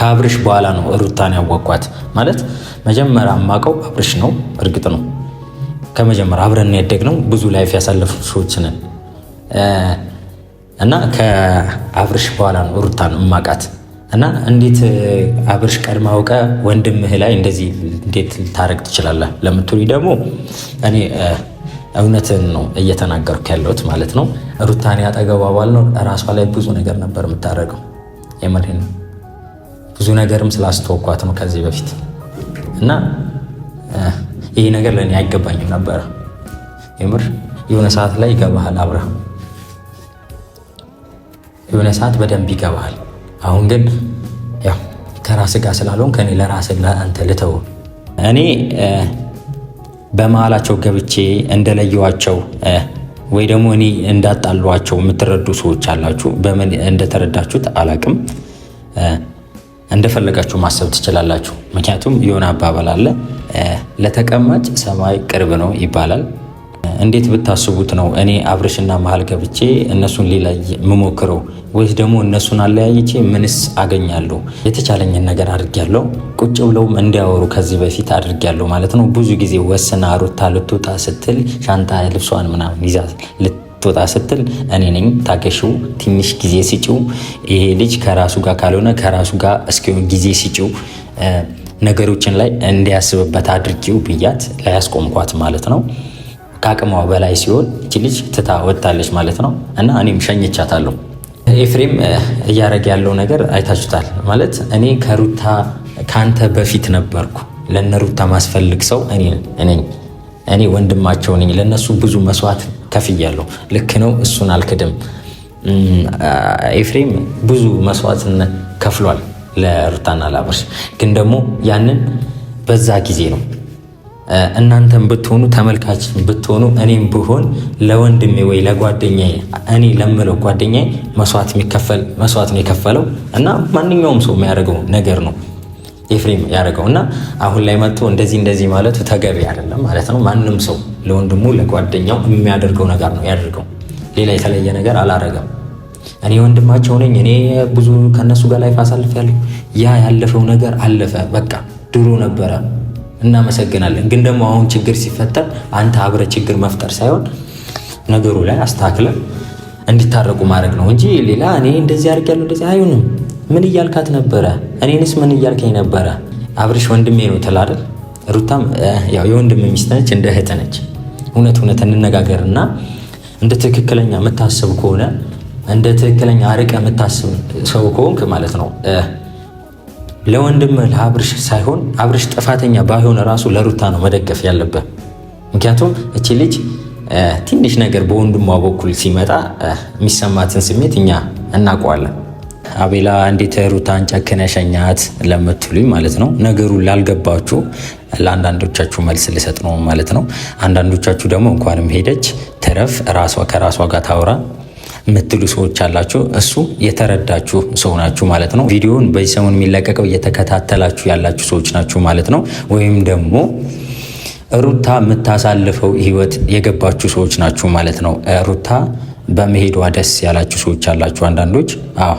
ከአብርሽ በኋላ ነው ሩታን ያወቅኳት። ማለት መጀመሪያ የማውቀው አብርሽ ነው። እርግጥ ነው ከመጀመሪያ አብረን ያደግነው ብዙ ላይፍ ያሳለፉ ሰዎች ነን እና ከአብርሽ በኋላ ነው ሩታን እማቃት እና እንዴት አብርሽ ቀድማ አውቀ ወንድምህ ላይ እንደዚህ እንዴት ልታረግ ትችላለህ ለምትሉ ደግሞ እኔ እውነትን ነው እየተናገርኩ ያለሁት ማለት ነው። ሩታን ያጠገቡ አባል ነው። ራሷ ላይ ብዙ ነገር ነበር የምታደርገው ነው ብዙ ነገርም ስላስተወኳት ነው ከዚህ በፊት እና ይህ ነገር ለእኔ አይገባኝም ነበረ። የምር የሆነ ሰዓት ላይ ይገባሃል አብረ የሆነ ሰዓት በደንብ ይገባሃል። አሁን ግን ያው ከራስህ ጋር ስላልሆን ከኔ ለራስ ለአንተ ልተው። እኔ በመሀላቸው ገብቼ እንደለየዋቸው ወይ ደግሞ እኔ እንዳጣሏቸው የምትረዱ ሰዎች አላችሁ። በምን እንደተረዳችሁት አላቅም። እንደፈለጋችሁ ማሰብ ትችላላችሁ። ምክንያቱም የሆነ አባባል አለ፣ ለተቀማጭ ሰማይ ቅርብ ነው ይባላል። እንዴት ብታስቡት ነው እኔ አብርሽና መሀል ገብቼ እነሱን ሊለይ የምሞክረው ወይስ ደግሞ እነሱን አለያይቼ ምንስ አገኛለሁ? የተቻለኝን ነገር አድርጌያለሁ ቁጭ ብለውም እንዲያወሩ ከዚህ በፊት አድርጊያለሁ ማለት ነው። ብዙ ጊዜ ወስና ሩታ ልትወጣ ስትል ሻንጣ ልብሷን ምናምን ይዛ ትወጣ ስትል እኔ ነኝ ታገሽው፣ ትንሽ ጊዜ ስጪው፣ ይሄ ልጅ ከራሱ ጋር ካልሆነ ከራሱ ጋር እስኪሆን ጊዜ ስጪው፣ ነገሮችን ላይ እንዲያስብበት አድርጊው ብያት ላያስቆምኳት ማለት ነው። ከአቅሟ በላይ ሲሆን እች ልጅ ትታ ወጥታለች ማለት ነው። እና እኔም ሸኝቻታለሁ። ኤፍሬም እያደረገ ያለው ነገር አይታችሁታል። ማለት እኔ ከሩታ ከአንተ በፊት ነበርኩ። ለነ ሩታ ማስፈልግ ሰው እኔ እኔ ወንድማቸው ነኝ። ለነሱ ብዙ መስዋዕት ከፍያለሁ። ልክ ነው፣ እሱን አልክድም። ኤፍሬም ብዙ መስዋዕትነት ከፍሏል ለሩታና ላብርሽ፣ ግን ደግሞ ያንን በዛ ጊዜ ነው እናንተም ብትሆኑ ተመልካች ብትሆኑ እኔም ብሆን ለወንድሜ ወይ ለጓደኛ እኔ ለምለው ጓደኛ መስዋዕት የሚከፈል መስዋዕት ነው የከፈለው እና ማንኛውም ሰው የሚያደርገው ነገር ነው። ኤፍሬም ያደረገው እና አሁን ላይ መጥቶ እንደዚህ እንደዚህ ማለቱ ተገቢ አይደለም ማለት ነው። ማንም ሰው ለወንድሙ ለጓደኛው የሚያደርገው ነገር ነው ያደርገው። ሌላ የተለየ ነገር አላረገም። እኔ ወንድማቸው ነኝ፣ እኔ ብዙ ከነሱ ጋር ላይፍ አሳልፌያለሁ። ያ ያለፈው ነገር አለፈ፣ በቃ ድሮ ነበረ። እናመሰግናለን። ግን ደግሞ አሁን ችግር ሲፈጠር አንተ አብረ ችግር መፍጠር ሳይሆን ነገሩ ላይ አስተካክለ እንዲታረቁ ማድረግ ነው እንጂ ሌላ እኔ እንደዚህ አድርጌያለሁ እንደዚህ አይሆንም። ምን እያልካት ነበረ? እኔንስ ምን እያልከኝ ነበረ? አብርሽ ወንድሜ ነው ትል አይደል? ሩታም ያው የወንድም ሚስት ነች፣ እንደ እህት ነች። እውነት እውነት እንነጋገር እንደ ትክክለኛ የምታስብ ከሆነ እንደ ትክክለኛ አርቀ የምታስብ ሰው ከሆንክ ማለት ነው ለወንድም ለአብርሽ ሳይሆን አብርሽ ጥፋተኛ ባይሆን ራሱ ለሩታ ነው መደገፍ ያለበ ምክንያቱም እቺ ልጅ ትንሽ ነገር በወንድሟ በኩል ሲመጣ የሚሰማትን ስሜት እኛ እናውቀዋለን። አቤላ እንዴት ሩታን ጨክነ ሸኛት ለምትሉኝ ማለት ነው ነገሩን ላልገባችሁ ለአንዳንዶቻችሁ መልስ ልሰጥ ነው ማለት ነው። አንዳንዶቻችሁ ደግሞ እንኳንም ሄደች ተረፍ ራሷ ከራሷ ጋር ታውራ የምትሉ ሰዎች አላችሁ። እሱ የተረዳችሁ ሰው ናችሁ ማለት ነው። ቪዲዮውን በዚህ ሰሞን የሚለቀቀው እየተከታተላችሁ ያላችሁ ሰዎች ናችሁ ማለት ነው። ወይም ደግሞ ሩታ የምታሳልፈው ህይወት የገባችሁ ሰዎች ናችሁ ማለት ነው። ሩታ በመሄዷ ደስ ያላችሁ ሰዎች አላችሁ አንዳንዶች። አዎ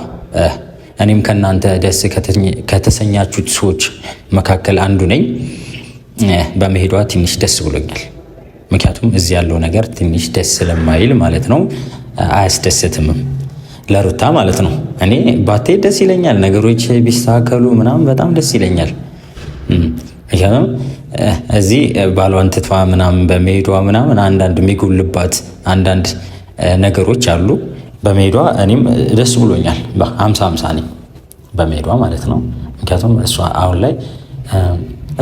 እኔም ከእናንተ ደስ ከተሰኛችሁት ሰዎች መካከል አንዱ ነኝ። በመሄዷ ትንሽ ደስ ብሎኛል። ምክንያቱም እዚህ ያለው ነገር ትንሽ ደስ ስለማይል ማለት ነው፣ አያስደስትምም ለሩታ ማለት ነው። እኔ ባቴ ደስ ይለኛል፣ ነገሮች ቢስተካከሉ ምናምን በጣም ደስ ይለኛል። ምክንያቱም እዚህ ባሏን ትቷ ምናምን በመሄዷ ምናምን አንዳንድ የሚጎልባት አንዳንድ ነገሮች አሉ በመሄዷ እኔም ደስ ብሎኛል። ሀምሳ ሀምሳ ነኝ በመሄዷ ማለት ነው። ምክንያቱም እሷ አሁን ላይ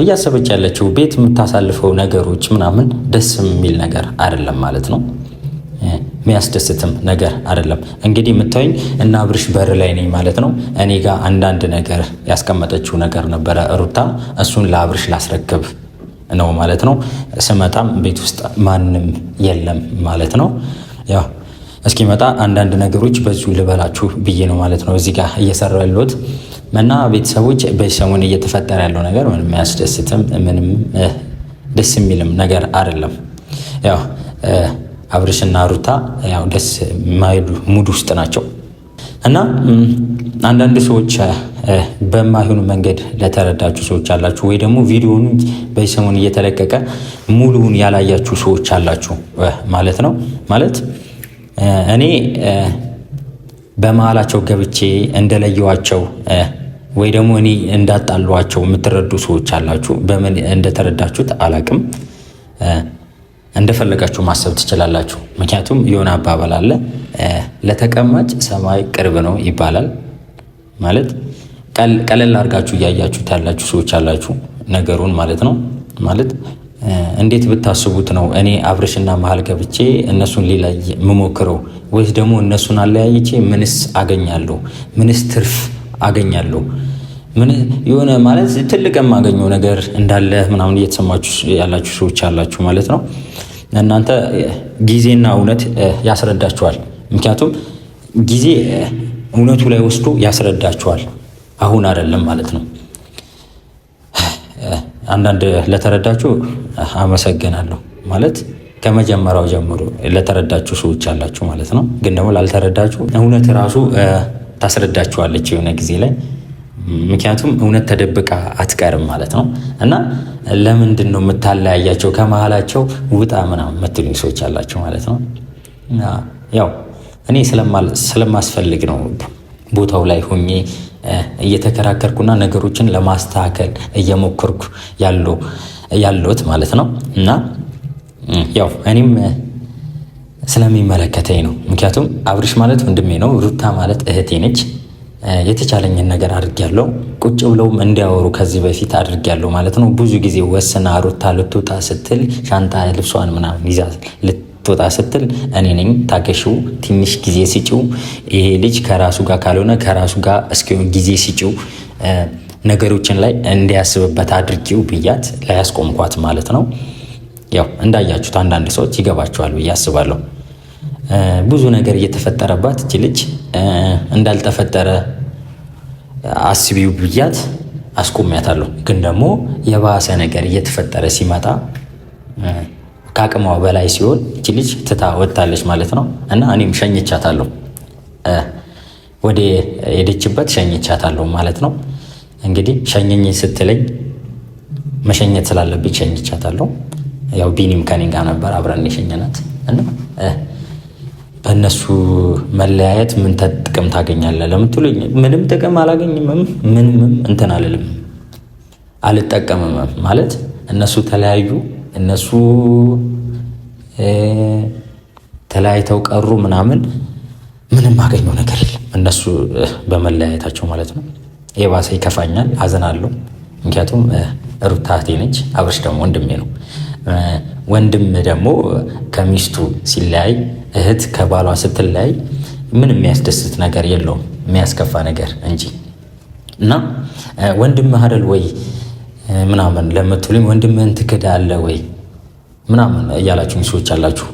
እያሰበች ያለችው ቤት የምታሳልፈው ነገሮች ምናምን ደስ የሚል ነገር አይደለም ማለት ነው። የሚያስደስትም ነገር አይደለም። እንግዲህ የምታዩኝ እና አብርሽ በር ላይ ነኝ ማለት ነው። እኔ ጋር አንዳንድ ነገር ያስቀመጠችው ነገር ነበረ ሩታ፣ እሱን ለአብርሽ ላስረክብ ነው ማለት ነው። ስመጣም ቤት ውስጥ ማንም የለም ማለት ነው ያው እስኪመጣ አንዳንድ ነገሮች በዚሁ ልበላችሁ ብዬ ነው ማለት ነው እዚህ ጋር እየሰራ ያለሁት እና ቤተሰቦች በሰሙን እየተፈጠረ ያለው ነገር ምንም አያስደስትም። ምንም ደስ የሚልም ነገር አይደለም። ያው አብርሽና ሩታ ያው ደስ የማይሉ ሙድ ውስጥ ናቸው እና አንዳንድ ሰዎች በማይሆኑ መንገድ ለተረዳችሁ ሰዎች አላችሁ፣ ወይ ደግሞ ቪዲዮውን በሰሙን እየተለቀቀ ሙሉውን ያላያችሁ ሰዎች አላችሁ ማለት ነው ማለት እኔ በመሃላቸው ገብቼ እንደለየዋቸው ወይ ደግሞ እኔ እንዳጣሏቸው የምትረዱ ሰዎች አላችሁ። በምን እንደተረዳችሁት አላቅም። እንደፈለጋችሁ ማሰብ ትችላላችሁ። ምክንያቱም የሆነ አባባል አለ፣ ለተቀማጭ ሰማይ ቅርብ ነው ይባላል። ማለት ቀለል አድርጋችሁ እያያችሁት ያላችሁ ሰዎች አላችሁ ነገሩን ማለት ነው። ማለት እንዴት ብታስቡት ነው እኔ አብርሽና መሀል ገብቼ እነሱን ሊለይ የምሞክረው ወይስ ደግሞ እነሱን አለያይቼ ምንስ አገኛለሁ? ምንስ ትርፍ አገኛለሁ? ምን የሆነ ማለት ትልቅ የማገኘው ነገር እንዳለ ምናምን እየተሰማችሁ ያላችሁ ሰዎች አላችሁ ማለት ነው። እናንተ ጊዜና እውነት ያስረዳችኋል። ምክንያቱም ጊዜ እውነቱ ላይ ወስዶ ያስረዳችኋል፣ አሁን አይደለም ማለት ነው። አንዳንድ ለተረዳችሁ አመሰግናለሁ ማለት ከመጀመሪያው ጀምሮ ለተረዳችሁ ሰዎች አላችሁ ማለት ነው። ግን ደግሞ ላልተረዳችሁ እውነት ራሱ ታስረዳችኋለች የሆነ ጊዜ ላይ ምክንያቱም እውነት ተደብቃ አትቀርም ማለት ነው። እና ለምንድን ነው የምታለያያቸው ከመሀላቸው ውጣ ምናምን የምትሉኝ ሰዎች አላቸው ማለት ነው። ያው እኔ ስለማስፈልግ ነው ቦታው ላይ ሆኜ እየተከራከርኩና ነገሮችን ለማስተካከል እየሞከርኩ ያለሁት ማለት ነው። እና ያው እኔም ስለሚመለከተኝ ነው። ምክንያቱም አብርሽ ማለት ወንድሜ ነው፣ ሩታ ማለት እህቴ ነች። የተቻለኝን ነገር አድርጊያለሁ። ቁጭ ብለውም እንዲያወሩ ከዚህ በፊት አድርጊያለሁ ማለት ነው። ብዙ ጊዜ ወስና ሩታ ልትወጣ ስትል ሻንጣ ልብሷን ምናምን ይዛ ትወጣ ስትል እኔ ነኝ ታገሽው፣ ትንሽ ጊዜ ስጪው፣ ይሄ ልጅ ከራሱ ጋር ካልሆነ ከራሱ ጋር እስኪሆን ጊዜ ስጪው፣ ነገሮችን ላይ እንዲያስብበት አድርጊው ብያት ላያስቆምኳት ማለት ነው። ያው እንዳያችሁት አንዳንድ ሰዎች ይገባቸዋል ብዬ አስባለሁ። ብዙ ነገር እየተፈጠረባት እች ልጅ እንዳልተፈጠረ አስቢው ብያት አስቆሚያታለሁ። ግን ደግሞ የባሰ ነገር እየተፈጠረ ሲመጣ ከአቅሟ በላይ ሲሆን እቺ ልጅ ትታ ወጥታለች ማለት ነው። እና እኔም ሸኝቻታለሁ፣ ወደ ሄደችበት ሸኝቻታለሁ ማለት ነው። እንግዲህ ሸኘኝ ስትለኝ መሸኘት ስላለብኝ ሸኝቻታለሁ። ያው ቢኒም ከኔ ጋር ነበር አብረን የሸኘናት እና በእነሱ መለያየት ምን ጥቅም ታገኛለህ ለምትሉኝ፣ ምንም ጥቅም አላገኝምም። ምንም እንትን አልልም፣ አልጠቀምም ማለት እነሱ ተለያዩ እነሱ ተለያይተው ቀሩ ምናምን ምንም አገኘው ነገር የለም፣ እነሱ በመለያየታቸው ማለት ነው። የባሰ ይከፋኛል፣ አዝናለሁ። ምክንያቱም ሩታቴ ነች፣ አብርሽ ደግሞ ወንድሜ ነው። ወንድም ደግሞ ከሚስቱ ሲለያይ፣ እህት ከባሏ ስትለያይ ምን የሚያስደስት ነገር የለውም የሚያስከፋ ነገር እንጂ እና ወንድምህ አይደል ወይ ምናምን ለምትሉኝ ወንድምህን ትክዳለህ ወይ ምናምን እያላችሁ ሰዎች አላችሁ።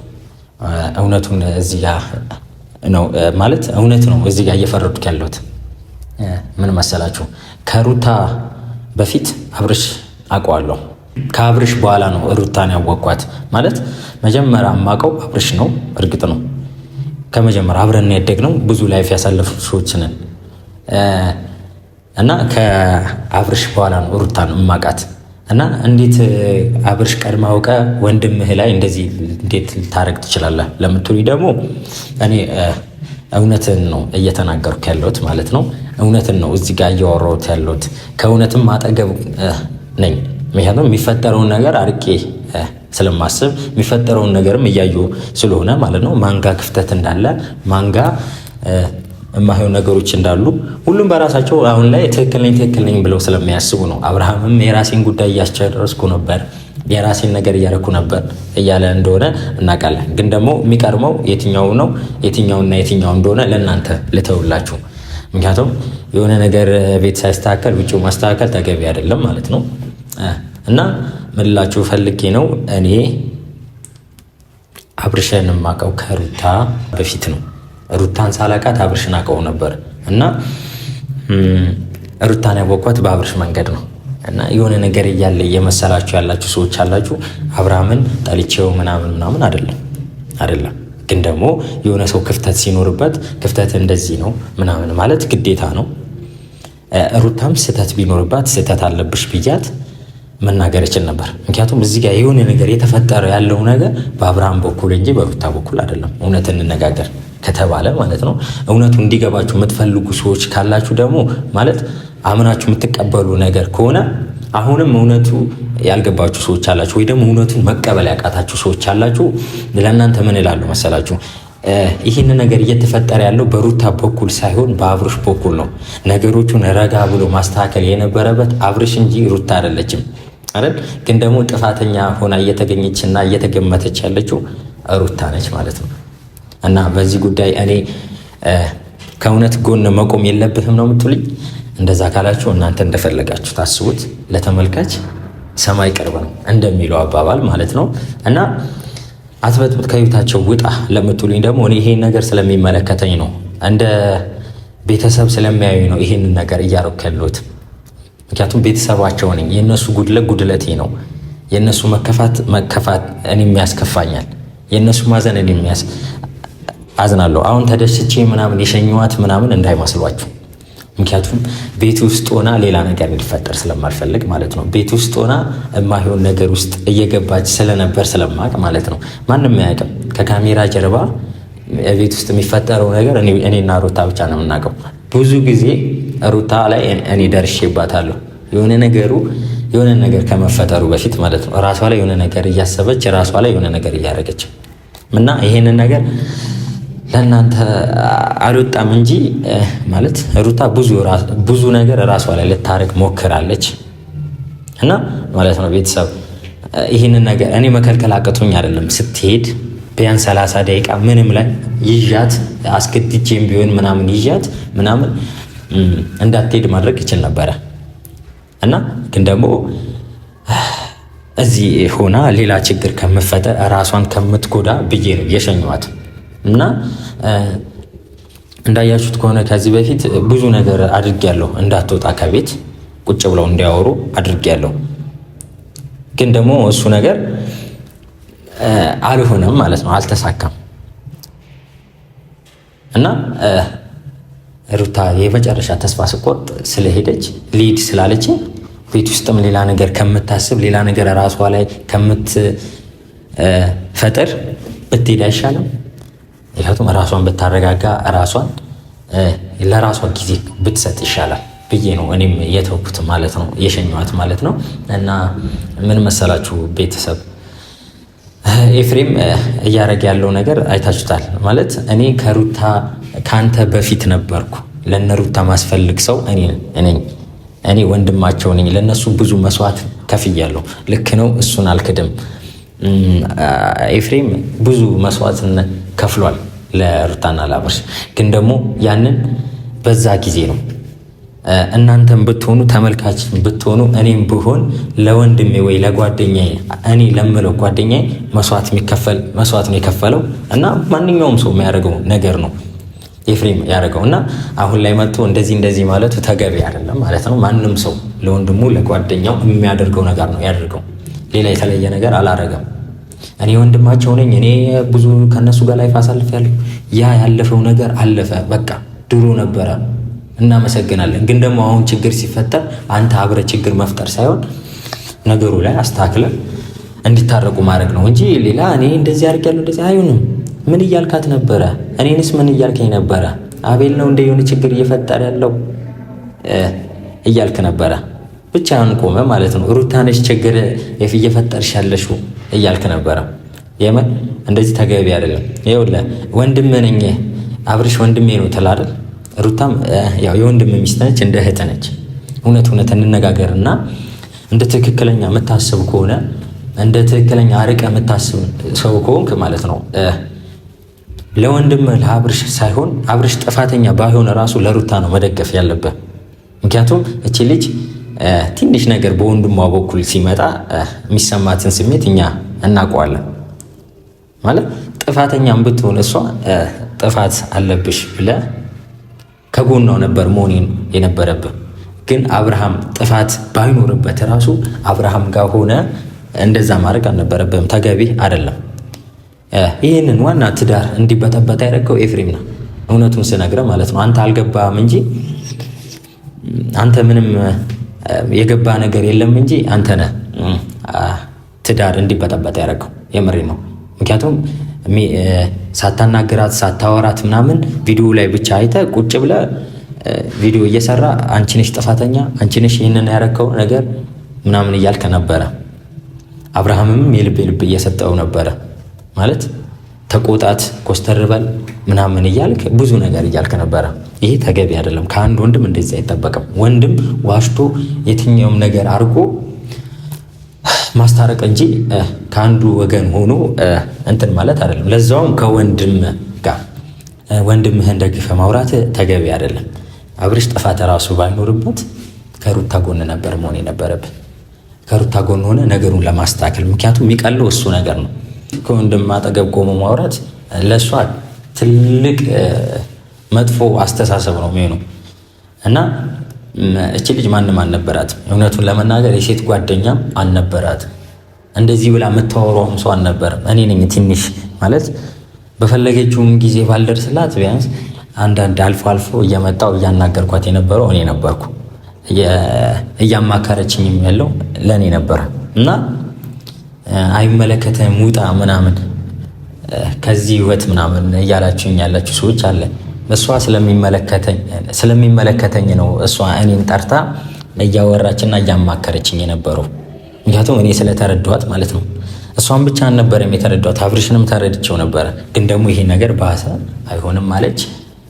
እውነቱን እዚህ ጋ ነው ማለት እውነት ነው እዚህ ጋ እየፈረዱት ያለሁት ምን መሰላችሁ፣ ከሩታ በፊት አብርሽ አውቀዋለሁ። ከአብርሽ በኋላ ነው ሩታን ያወቅኳት። ማለት መጀመሪያ የማውቀው አብርሽ ነው። እርግጥ ነው ከመጀመሪያ አብረን ያደግነው ብዙ ላይፍ ያሳለፉ ሰዎች ነን። እና ከአብርሽ በኋላ ነው ሩታን እማቃት እና እንዴት አብርሽ ቀድማ አውቀ ወንድምህ ላይ እንደዚህ እንዴት ልታረግ ትችላለህ ለምትሉ ደግሞ እኔ እውነትን ነው እየተናገርኩ ያለሁት ማለት ነው። እውነትን ነው እዚህ ጋር እያወራሁት ያለሁት ከእውነትም አጠገብ ነኝ። ምክንያቱም የሚፈጠረውን ነገር አርቄ ስለማስብ የሚፈጠረውን ነገርም እያዩ ስለሆነ ማለት ነው ማንጋ ክፍተት እንዳለ ማንጋ የማየው ነገሮች እንዳሉ ሁሉም በራሳቸው አሁን ላይ ትክክለኝ ትክክለኝ ብለው ስለሚያስቡ ነው። አብርሃምም የራሴን ጉዳይ እያስጨረስኩ ነበር፣ የራሴን ነገር እያረኩ ነበር እያለ እንደሆነ እናውቃለን። ግን ደግሞ የሚቀርመው የትኛው ነው የትኛውና የትኛው እንደሆነ ለእናንተ ልተውላችሁ። ምክንያቱም የሆነ ነገር ቤት ሳይስተካከል ውጭ ማስተካከል ተገቢ አይደለም ማለት ነው። እና ምላችሁ ፈልጌ ነው እኔ አብርሽን የማውቀው ከሩታ በፊት ነው ሩታን ሳላቃት አብርሽን አውቀው ነበር እና ሩታን ያወቅኳት በአብርሽ መንገድ ነው እና የሆነ ነገር እያለ እየመሰላችሁ ያላችሁ ሰዎች አላችሁ። አብርሃምን ጠልቼው ምናምን ምናምን አይደለም አይደለም። ግን ደግሞ የሆነ ሰው ክፍተት ሲኖርበት ክፍተት እንደዚህ ነው ምናምን ማለት ግዴታ ነው። ሩታም ስህተት ቢኖርባት ስህተት አለብሽ ብያት መናገር ይችል ነበር። ምክንያቱም እዚህ ጋር የሆነ ነገር የተፈጠረ ያለው ነገር በአብርሃም በኩል እንጂ በሩታ በኩል አይደለም። እውነት እንነጋገር ከተባለ ማለት ነው። እውነቱ እንዲገባችሁ የምትፈልጉ ሰዎች ካላችሁ ደግሞ ማለት አምናችሁ የምትቀበሉ ነገር ከሆነ አሁንም እውነቱ ያልገባችሁ ሰዎች አላችሁ፣ ወይ ደግሞ እውነቱን መቀበል ያቃታችሁ ሰዎች አላችሁ። ለእናንተ ምን ይላሉ መሰላችሁ? ይህን ነገር እየተፈጠረ ያለው በሩታ በኩል ሳይሆን በአብርሽ በኩል ነው። ነገሮቹን ረጋ ብሎ ማስተካከል የነበረበት አብርሽ እንጂ ሩታ አይደለችም። አይደል? ግን ደግሞ ጥፋተኛ ሆና እየተገኘችና እየተገመተች ያለችው ሩታ ነች ማለት ነው። እና በዚህ ጉዳይ እኔ ከእውነት ጎን መቆም የለብህም ነው የምትሉኝ? እንደዛ ካላችሁ እናንተ እንደፈለጋችሁ ታስቡት። ለተመልካች ሰማይ ቅርብ ነው እንደሚለው አባባል ማለት ነው። እና አትበጥብጥ ከቤታቸው ውጣ ለምትሉኝ ደግሞ እኔ ይሄን ነገር ስለሚመለከተኝ ነው እንደ ቤተሰብ ስለሚያዩ ነው ይሄንን ነገር እያረከሉት ምክንያቱም ቤተሰባቸው ነኝ። የእነሱ ጉድለት ጉድለቴ ነው። የእነሱ መከፋት መከፋት እኔም ያስከፋኛል። የእነሱ ማዘን እኔም አዝናለሁ። አሁን ተደስቼ ምናምን የሸኘዋት ምናምን እንዳይመስሏችሁ። ምክንያቱም ቤት ውስጥ ሆና ሌላ ነገር እንዲፈጠር ስለማልፈልግ ማለት ነው። ቤት ውስጥ ሆና የማይሆን ነገር ውስጥ እየገባች ስለነበር ስለማቅ ማለት ነው። ማንም አያውቅም። ከካሜራ ጀርባ ቤት ውስጥ የሚፈጠረው ነገር እኔና ሮታ ብቻ ነው የምናውቀው ብዙ ጊዜ ሩታ ላይ እኔ ደርሼባታለሁ። የሆነ ነገሩ የሆነ ነገር ከመፈጠሩ በፊት ማለት ነው። ራሷ ላይ የሆነ ነገር እያሰበች ራሷ ላይ የሆነ ነገር እያደረገች እና ይሄንን ነገር ለእናንተ አልወጣም እንጂ ማለት ሩታ ብዙ ነገር ራሷ ላይ ልታረግ ሞክራለች እና ማለት ነው ቤተሰብ ይህንን ነገር እኔ መከልከል አቅቶኝ አይደለም። ስትሄድ ቢያንስ ሰላሳ ደቂቃ ምንም ላይ ይዣት አስገድጄም ቢሆን ምናምን ይዣት ምናምን እንዳትሄድ ማድረግ ይችል ነበረ እና ግን ደግሞ እዚህ ሆና ሌላ ችግር ከምፈጠ ራሷን ከምትጎዳ ብዬ ነው የሸኘዋት እና እንዳያችሁት ከሆነ ከዚህ በፊት ብዙ ነገር አድርጌያለሁ። እንዳትወጣ ከቤት ቁጭ ብለው እንዲያወሩ አድርጌያለሁ። ግን ደግሞ እሱ ነገር አልሆነም ማለት ነው፣ አልተሳካም እና ሩታ የመጨረሻ ተስፋ ስቆርጥ ስለሄደች ሊድ ስላለች ቤት ውስጥም ሌላ ነገር ከምታስብ ሌላ ነገር ራሷ ላይ ከምትፈጥር ብትሄድ አይሻልም? ምክንያቱም ራሷን ብታረጋጋ ራሷን ለራሷ ጊዜ ብትሰጥ ይሻላል ብዬ ነው እኔም የተውኩት ማለት ነው የሸኘኋት ማለት ነው። እና ምን መሰላችሁ ቤተሰብ ኤፍሬም እያደረገ ያለው ነገር አይታችሁታል ማለት እኔ ከሩታ ከአንተ በፊት ነበርኩ። ለነሩታ ሩታ ማስፈልግ ሰው እኔ ነኝ። እኔ ወንድማቸው ነኝ። ለእነሱ ብዙ መስዋዕት ከፍያለሁ። ልክ ነው፣ እሱን አልክድም። ኤፍሬም ብዙ መስዋዕት ከፍሏል ለሩታና ላብርሽ። ግን ደግሞ ያንን በዛ ጊዜ ነው እናንተም ብትሆኑ ተመልካች ብትሆኑ እኔም ብሆን ለወንድሜ ወይ ለጓደኛ እኔ ለምለው ጓደኛ መስዋዕት የሚከፈል መስዋዕት ነው የከፈለው እና ማንኛውም ሰው የሚያደርገው ነገር ነው። ኤፍሬም ያደረገው እና አሁን ላይ መጥቶ እንደዚህ እንደዚህ ማለቱ ተገቢ አይደለም ማለት ነው። ማንም ሰው ለወንድሙ ለጓደኛው የሚያደርገው ነገር ነው ያደርገው። ሌላ የተለየ ነገር አላረገም። እኔ ወንድማቸው ነኝ፣ እኔ ብዙ ከነሱ ጋር ላይፍ አሳልፌያለሁ። ያ ያለፈው ነገር አለፈ፣ በቃ ድሮ ነበረ፣ እናመሰግናለን። ግን ደግሞ አሁን ችግር ሲፈጠር አንተ አብረ ችግር መፍጠር ሳይሆን ነገሩ ላይ አስተካክለ እንዲታረቁ ማድረግ ነው እንጂ ሌላ እኔ እንደዚህ አድርጌያለሁ እንደዚህ አይሆንም። ምን እያልካት ነበረ እኔንስ ምን እያልከኝ ነበረ? አቤል ነው እንደ የሆነ ችግር እየፈጠረ ያለው እያልክ ነበረ። ብቻህን ቆመ ማለት ነው። ሩታነች ችግር እየፈጠርሽ ያለሽው እያልክ ነበረ። የምን እንደዚህ ተገቢ አይደለም። ይኸውልህ ወንድም ነኝ አብርሽ ወንድሜ ነው ትላለህ። ሩታም ያው የወንድም ሚስት ነች፣ እንደ እህት ነች። እውነት እውነት እንነጋገር እና እንደ ትክክለኛ የምታስብ ከሆነ እንደ ትክክለኛ አርቀ የምታስብ ሰው ከሆንክ ማለት ነው ለወንድም ለአብርሽ ሳይሆን አብርሽ ጥፋተኛ ባይሆን ራሱ ለሩታ ነው መደገፍ ያለበት። ምክንያቱም እቺ ልጅ ትንሽ ነገር በወንድሟ በኩል ሲመጣ የሚሰማትን ስሜት እኛ እናውቀዋለን። ማለት ጥፋተኛም ብትሆን እሷ ጥፋት አለብሽ ብለ ከጎናው ነበር መሆን የነበረብህ። ግን አብርሃም ጥፋት ባይኖርበት ራሱ አብርሃም ጋር ሆነ እንደዛ ማድረግ አልነበረብህም። ተገቢ አይደለም። ይህንን ዋና ትዳር እንዲበጠበጥ ያደረገው ኤፍሬም ነው። እውነቱን ስነግረ ማለት ነው። አንተ አልገባም እንጂ አንተ ምንም የገባ ነገር የለም እንጂ አንተ ነህ ትዳር እንዲበጠበጥ ያደረገው። የምሬ ነው። ምክንያቱም ሳታናግራት ሳታወራት ምናምን ቪዲዮ ላይ ብቻ አይተ ቁጭ ብለ ቪዲዮ እየሰራ አንቺ ጥፋተኛ፣ አንቺ ይህንን ያረከው ነገር ምናምን እያልከ ነበረ። አብርሃምም የልብ ልብ እየሰጠው ነበረ። ማለት ተቆጣት፣ ኮስተርበል ምናምን እያልክ ብዙ ነገር እያልክ ነበረ። ይሄ ተገቢ አይደለም። ከአንድ ወንድም እንደዚህ አይጠበቅም። ወንድም ዋሽቶ የትኛውም ነገር አድርጎ ማስታረቅ እንጂ ከአንዱ ወገን ሆኖ እንትን ማለት አይደለም። ለዛውም ከወንድም ጋር ወንድምህን ደግፈ ማውራት ተገቢ አይደለም። አብርሽ ጥፋት ራሱ ባይኖርበት ከሩታ ጎን ነበር መሆን የነበረብን። ከሩታ ጎን ሆነ ነገሩን ለማስተካከል ምክንያቱም የሚቀለው እሱ ነገር ነው። ከወንድም አጠገብ ቆሞ ማውራት ለእሷ ትልቅ መጥፎ አስተሳሰብ ነው የሚሆነው እና እች ልጅ ማንም አልነበራት እውነቱን ለመናገር የሴት ጓደኛም አልነበራትም። እንደዚህ ብላ የምታወራውም ሰው አልነበረም። እኔ ነኝ ትንሽ ማለት በፈለገችውም ጊዜ ባልደርስላት ቢያንስ አንዳንድ አልፎ አልፎ እየመጣው እያናገርኳት የነበረው እኔ ነበርኩ። እያማከረችኝም ያለው ለእኔ ነበረ እና አይመለከተም ውጣ ምናምን ከዚህ ህይወት ምናምን እያላችሁኝ ያላችሁ ሰዎች አለ። እሷ ስለሚመለከተኝ ነው እሷ እኔን ጠርታ እያወራችና እያማከረችኝ የነበረው ምክንያቱም እኔ ስለተረዷት ማለት ነው። እሷን ብቻ አልነበረም የተረዷት፣ አብሬሽንም ተረድቸው ነበረ። ግን ደግሞ ይሄ ነገር ባሰ፣ አይሆንም አለች።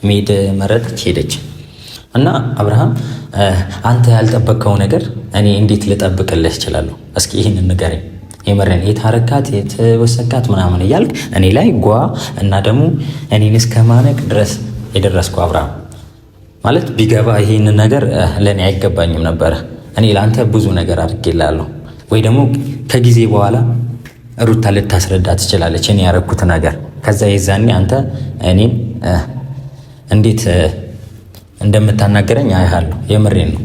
ሜድ መረጠች፣ ሄደች እና አብርሃም አንተ ያልጠበቀው ነገር እኔ እንዴት ልጠብቅልህ እችላለሁ? እስኪ ይህን ንገረኝ የምረን የታረካት የተወሰካት ምናምን እያልክ እኔ ላይ ጓ እና ደግሞ እኔን እስከ ማነቅ ድረስ የደረስኩ አብርሃም ማለት ቢገባ ይህን ነገር ለእኔ አይገባኝም ነበረ። እኔ ለአንተ ብዙ ነገር አድርጌላለሁ። ወይ ደግሞ ከጊዜ በኋላ ሩታ ልታስረዳ ትችላለች እኔ ያረኩት ነገር። ከዛ የዛኔ አንተ እኔን እንዴት እንደምታናገረኝ አያለሁ። የምሬን ነው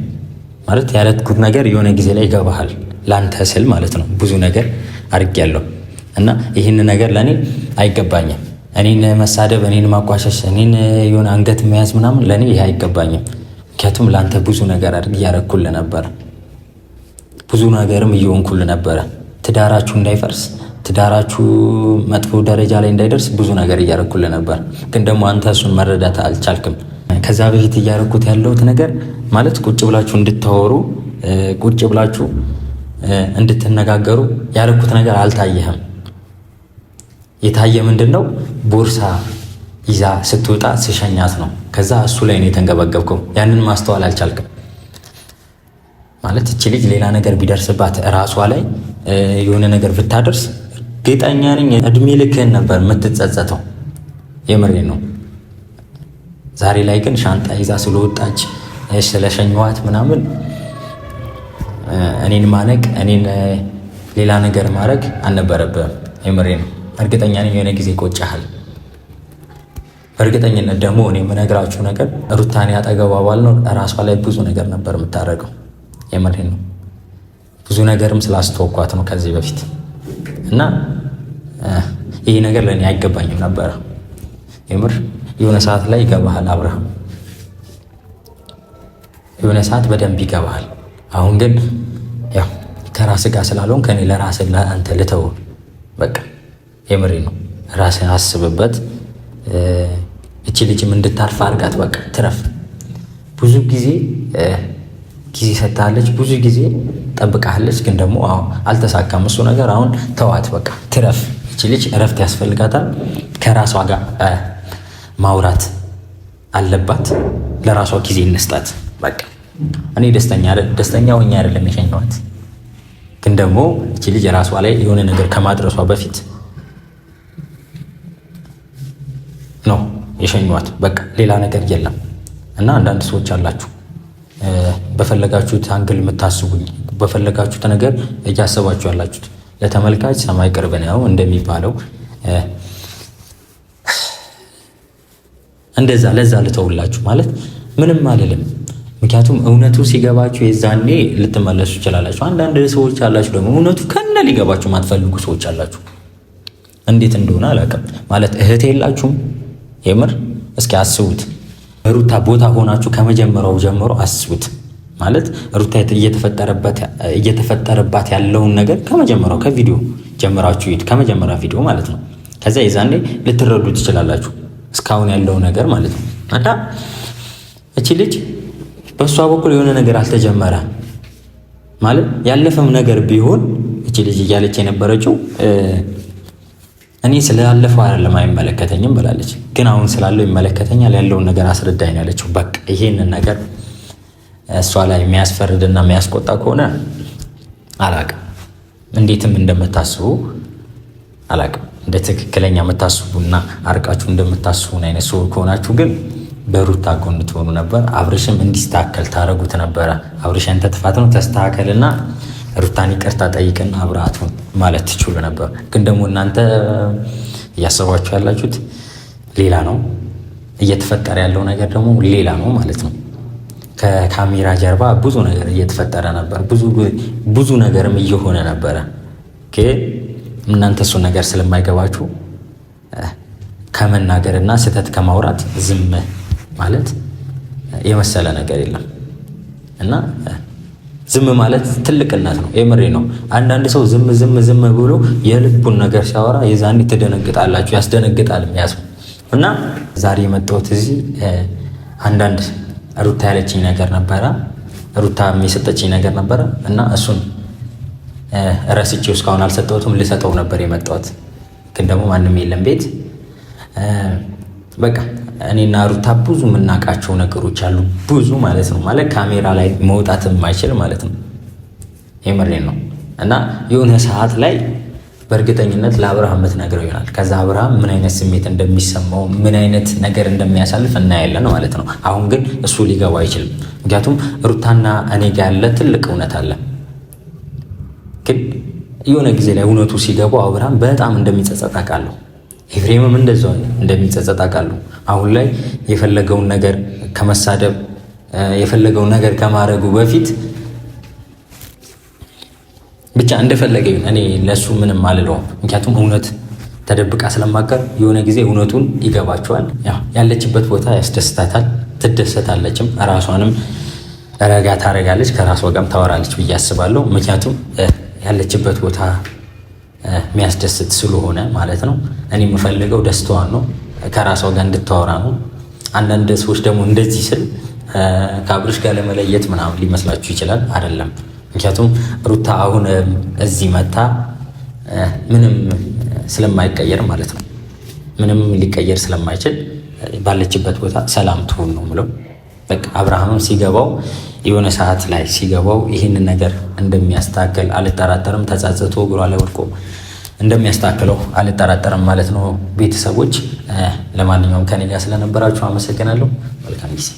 ማለት ያረኩት ነገር የሆነ ጊዜ ላይ ይገባሃል። ላንተ ስል ማለት ነው ብዙ ነገር አድርጌያለሁ እና ይህን ነገር ለእኔ አይገባኝም። እኔን መሳደብ፣ እኔን ማቋሸሽ፣ እኔን የሆነ አንገት መያዝ ምናምን ለእኔ ይህ አይገባኝም። ምክንያቱም ለአንተ ብዙ ነገር እያረግኩል ነበረ፣ ብዙ ነገርም እየሆንኩል ነበረ። ትዳራችሁ እንዳይፈርስ፣ ትዳራችሁ መጥፎ ደረጃ ላይ እንዳይደርስ ብዙ ነገር እያረግኩል ነበር። ግን ደግሞ አንተ እሱን መረዳት አልቻልክም። ከዛ በፊት እያረግኩት ያለሁት ነገር ማለት ቁጭ ብላችሁ እንድታወሩ ቁጭ ብላችሁ እንድትነጋገሩ ያለኩት ነገር አልታየህም። የታየ ምንድን ነው? ቦርሳ ይዛ ስትወጣ ስሸኛት ነው። ከዛ እሱ ላይ ነው የተንገበገብከው። ያንን ማስተዋል አልቻልክም። ማለት እቺ ልጅ ሌላ ነገር ቢደርስባት እራሷ ላይ የሆነ ነገር ብታደርስ እርግጠኛ ነኝ እድሜ ልክህን ነበር የምትጸጸተው። የምሬ ነው። ዛሬ ላይ ግን ሻንጣ ይዛ ስለወጣች ስለሸኘዋት ምናምን እኔን ማነቅ እኔን ሌላ ነገር ማድረግ አልነበረብህም። የምሬን እርግጠኛ ነኝ የሆነ ጊዜ ቆጨሃል። እርግጠኝነት ደግሞ እኔ የምነግራችሁ ነገር ሩታኔ አጠገቧ ባልኖር እራሷ ላይ ብዙ ነገር ነበር የምታደርገው። የምሬን ነው። ብዙ ነገርም ስላስተወኳት ነው ከዚህ በፊት እና ይህ ነገር ለእኔ አይገባኝም ነበረ። የምር የሆነ ሰዓት ላይ ይገባሃል አብርሃም፣ የሆነ ሰዓት በደንብ ይገባሃል። አሁን ግን ከራስ ጋር ስላልሆን ከኔ ለራስ ለአንተ ልተው። በቃ የምሬ ነው። ራስ አስብበት። እቺ ልጅም እንድታርፍ አርጋት በቃ ትረፍ። ብዙ ጊዜ ጊዜ ሰጥታለች፣ ብዙ ጊዜ ጠብቃለች፣ ግን ደግሞ አልተሳካም እሱ ነገር። አሁን ተዋት፣ በቃ ትረፍ። እቺ ልጅ እረፍት ያስፈልጋታል። ከራሷ ጋር ማውራት አለባት። ለራሷ ጊዜ እንስጣት። በቃ እኔ ደስተኛ ደስተኛ ሆኜ አይደለም የሸኘኋት ግን ደግሞ እቺ ልጅ የራሷ ላይ የሆነ ነገር ከማድረሷ በፊት ነው የሸኟት። በቃ ሌላ ነገር የለም። እና አንዳንድ ሰዎች አላችሁ በፈለጋችሁት አንግል የምታስቡኝ በፈለጋችሁት ነገር እያሰባችሁ ያላችሁት ለተመልካች ሰማይ ቅርብ ነው እንደሚባለው እንደዛ ለዛ ልተውላችሁ ማለት ምንም አልልም። ምክንያቱም እውነቱ ሲገባችሁ የዛኔ ልትመለሱ ይችላላችሁ። አንዳንድ ሰዎች አላችሁ ደግሞ እውነቱ ከነ ሊገባችሁ ማትፈልጉ ሰዎች አላችሁ። እንዴት እንደሆነ አላውቅም። ማለት እህት የላችሁም? የምር እስኪ አስቡት። ሩታ ቦታ ሆናችሁ ከመጀመሪያው ጀምሮ አስቡት። ማለት ሩታ እየተፈጠረባት ያለውን ነገር ከመጀመሪያው ከቪዲዮ ጀምራችሁ ሂድ፣ ከመጀመሪያ ቪዲዮ ማለት ነው። ከዚያ የዛኔ ልትረዱ ትችላላችሁ፣ እስካሁን ያለው ነገር ማለት ነው እና እቺ ልጅ በእሷ በኩል የሆነ ነገር አልተጀመረም ማለት ያለፈም ነገር ቢሆን እቺ ልጅ እያለች የነበረችው እኔ ስላለፈው አይደለም አይመለከተኝም ብላለች። ግን አሁን ስላለው ይመለከተኛል ያለውን ነገር አስረዳኝ ነው ያለችው። በቃ ይሄንን ነገር እሷ ላይ የሚያስፈርድና የሚያስቆጣ ከሆነ አላቅም፣ እንዴትም እንደምታስቡ አላቅም። እንደ ትክክለኛ የምታስቡና አርቃችሁ እንደምታስቡን አይነት ሰው ከሆናችሁ ግን በሩታ ጎን ትሆኑ ነበር። አብርሽም እንዲስተካከል ታረጉት ነበረ። አብርሽ አንተ ጥፋት ነው ተስተካከልና ሩታን ይቅርታ ጠይቅን አብርሃቱን ማለት ትችሉ ነበር። ግን ደግሞ እናንተ እያሰባችሁ ያላችሁት ሌላ ነው። እየተፈጠረ ያለው ነገር ደግሞ ሌላ ነው ማለት ነው። ከካሜራ ጀርባ ብዙ ነገር እየተፈጠረ ነበር። ብዙ ነገርም እየሆነ ነበረ። እናንተ እሱን ነገር ስለማይገባችሁ ከመናገርና ስህተት ከማውራት ዝም ማለት የመሰለ ነገር የለም እና ዝም ማለት ትልቅነት ነው። የምሬ ነው። አንዳንድ ሰው ዝም ዝም ዝም ብሎ የልቡን ነገር ሲያወራ የዛኔ ትደነግጣላችሁ። ያስደነግጣል ያዝ እና ዛሬ የመጣሁት እዚህ አንዳንድ ሩታ ያለችኝ ነገር ነበረ፣ ሩታ የሰጠችኝ ነገር ነበረ እና እሱን ረስቼው እስካሁን አልሰጠሁትም። ልሰጠው ነበር የመጣሁት ግን ደግሞ ማንም የለም ቤት በቃ እኔና ሩታ ብዙ የምናውቃቸው ነገሮች አሉ። ብዙ ማለት ነው ማለት ካሜራ ላይ መውጣት የማይችል ማለት ነው። የምሬን ነው። እና የሆነ ሰዓት ላይ በእርግጠኝነት ለአብርሃም የምትነግረው ይሆናል። ከዛ አብርሃም ምን አይነት ስሜት እንደሚሰማው ምን አይነት ነገር እንደሚያሳልፍ እናያለን ማለት ነው። አሁን ግን እሱ ሊገባ አይችልም። ምክንያቱም ሩታና እኔ ጋ ያለ ትልቅ እውነት አለ። ግን የሆነ ጊዜ ላይ እውነቱ ሲገባው አብርሃም በጣም እንደሚጸጸት አውቃለሁ። ኤፍሬምም እንደዛ እንደሚጸጸት አውቃለሁ። አሁን ላይ የፈለገውን ነገር ከመሳደብ የፈለገውን ነገር ከማድረጉ በፊት ብቻ እንደፈለገ እኔ ለእሱ ምንም አልለውም። ምክንያቱም እውነት ተደብቃ ስለማቀር የሆነ ጊዜ እውነቱን ይገባቸዋል። ያለችበት ቦታ ያስደስታታል፣ ትደሰታለችም፣ ራሷንም ረጋ ታረጋለች፣ ከራሷ ጋርም ታወራለች ብዬ አስባለሁ። ምክንያቱም ያለችበት ቦታ የሚያስደስት ስለሆነ ማለት ነው። እኔ የምፈልገው ደስታዋን ነው፣ ከራሷ ጋር እንድታወራ ነው። አንዳንድ ሰዎች ደግሞ እንደዚህ ስል ከአብርሽ ጋር ለመለየት ምናምን ሊመስላችሁ ይችላል። አይደለም። ምክንያቱም ሩታ አሁን እዚህ መታ ምንም ስለማይቀየር ማለት ነው። ምንም ሊቀየር ስለማይችል ባለችበት ቦታ ሰላም ትሁን ነው ምለው። በቃ አብርሃምም ሲገባው የሆነ ሰዓት ላይ ሲገባው ይህንን ነገር እንደሚያስተካከል አልጠራጠርም። ተጸጽቶ እግሯ ላይ ወድቆ እንደሚያስተካክለው አልጠራጠርም ማለት ነው። ቤተሰቦች፣ ለማንኛውም ከኔ ጋር ስለነበራችሁ አመሰግናለሁ። መልካም ጊዜ